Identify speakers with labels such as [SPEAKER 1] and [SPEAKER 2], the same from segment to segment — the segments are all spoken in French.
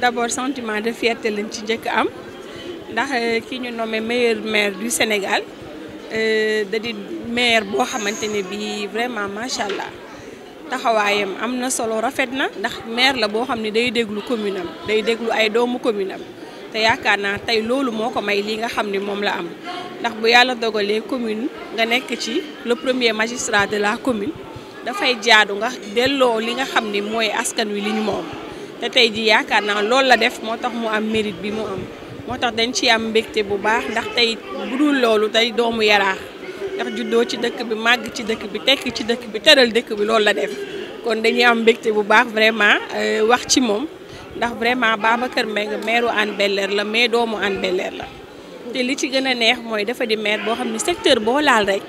[SPEAKER 1] d'abord sentiment de fierté lañ ci jëk am ndax euh, ki ñu nommé meilleur maire du Sénégal euh, da di maire bo xamante bi vraiment machallah taxawayam amna solo rafetna ndax maire la bo xamni day déglu commune am day déglu ay doomu commune am te yaakaar tay lolu moko may li nga xamni mom la am ndax bu yalla dogalé commune nga nekk ci le premier magistrat de la commune da fay jaadu nga delloo li nga xamni moy askan wi liñu mom te tey ji yaakaar naa loolu la def moo tax mu am mérit bi mu am moo tax dañ ci am mbégte bu baax ndax tey bu dul loolu tey doomu yaraax ndax juddoo ci dëkk bi màgg ci dëkk bi tekk ci dëkk bi tëral dëkk bi loolu la def kon dañuy am mbégte bu baax vraiment euh, wax ci moom ndax vraiment baaba kër maire u Hann bel la mais doomu Hann bel la te li ci gën a neex mooy dafa di maire boo xam ne secteur boo laal rek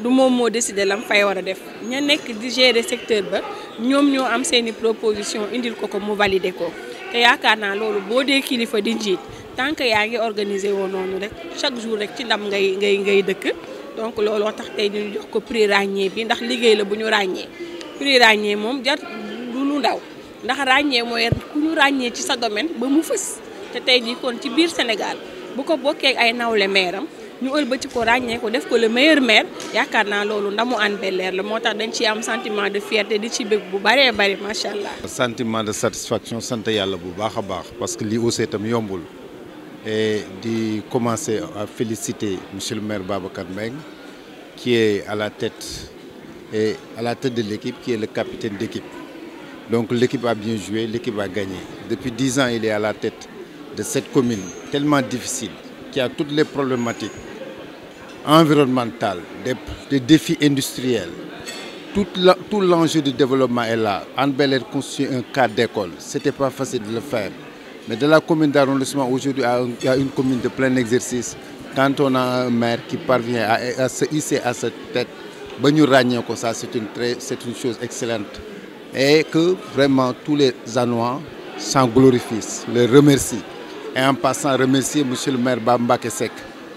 [SPEAKER 1] du moom moo décidé lam fay war a def ña nekk di gérer secteur ba ñoom ñoo am seeni proposition indil ko ko mu valider ko te yaakaar naa loolu boo dee kilifa di njiit tant que yaa ngi organiser woon noonu rek chaque jour rek ci ndam ngay ngay ngay dëkk donc looloo tax tey ñu jox ko prix ràññee bi ndax liggéey la bu ñu ràññee prix ràññee moom jar du lu ndaw ndax ràññee mooy ku ñu ràññee ci sa domaine ba mu fës te tey jii kon ci biir Sénégal bu ko bokkee ay nawle nous le ko ragné ko def ko le meilleur maire yaakaar naa loolu ndamu an Bel-Air la dañ am sentiment de fierté di ci bëgg bu bëree bari machallah
[SPEAKER 2] sentiment de satisfaction sante yalla bu baax parce que li aussi tam yombul et di commencer à féliciter monsieur le maire Babacar Meng qui est à la tête et à la tête de l'équipe qui est le capitaine d'équipe. Donc l'équipe a bien joué, l'équipe a gagné. Depuis 10 ans, il est à la tête de cette commune tellement difficile y a toutes les problématiques environnementales, des, défis industriels, tout l'enjeu du développement est là. Anne Belair construit un cadre d'école. Ce n'était pas facile de le faire. Mais de la commune d'arrondissement aujourd'hui il y a une commune de plein exercice, quand on a un maire qui parvient à, se hisser à cette tête, ça c'est une, chose excellente. Et que vraiment tous les Anois s'en glorifient, les remercient. Et en passant, remercier M. le maire Bamba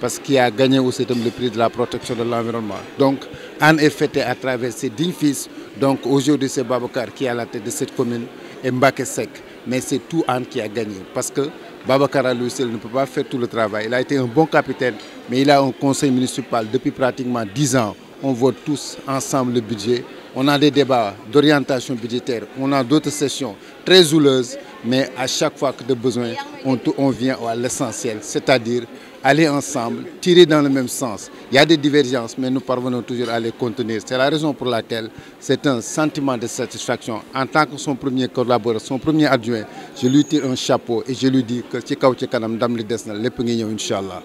[SPEAKER 2] parce qu'il a gagné aussi le prix de la protection de l'environnement. Donc, Anne est effet, à travers ses dix fils. Donc, aujourd'hui, c'est Babacar qui est à la tête de cette commune et Mbakesek. Mais c'est tout Anne qui a gagné, parce que Babacar à lui ne peut pas faire tout le travail. Il a été un bon capitaine, mais il a un conseil municipal depuis pratiquement 10 ans. On vote tous ensemble le budget. On a des débats d'orientation budgétaire. On a d'autres sessions très houleuses mais à chaque fois que de besoin, on, on vient à l'essentiel, c'est-à-dire aller ensemble, tirer dans le même sens. Il y a des divergences, mais nous parvenons toujours à les contenir. C'est la raison pour laquelle c'est un sentiment de satisfaction. En tant que son premier collaborateur, son premier adjoint, je lui tire un chapeau et je lui dis que Tchikaou Tchikanam, Dame Lidesna, Inch'Allah.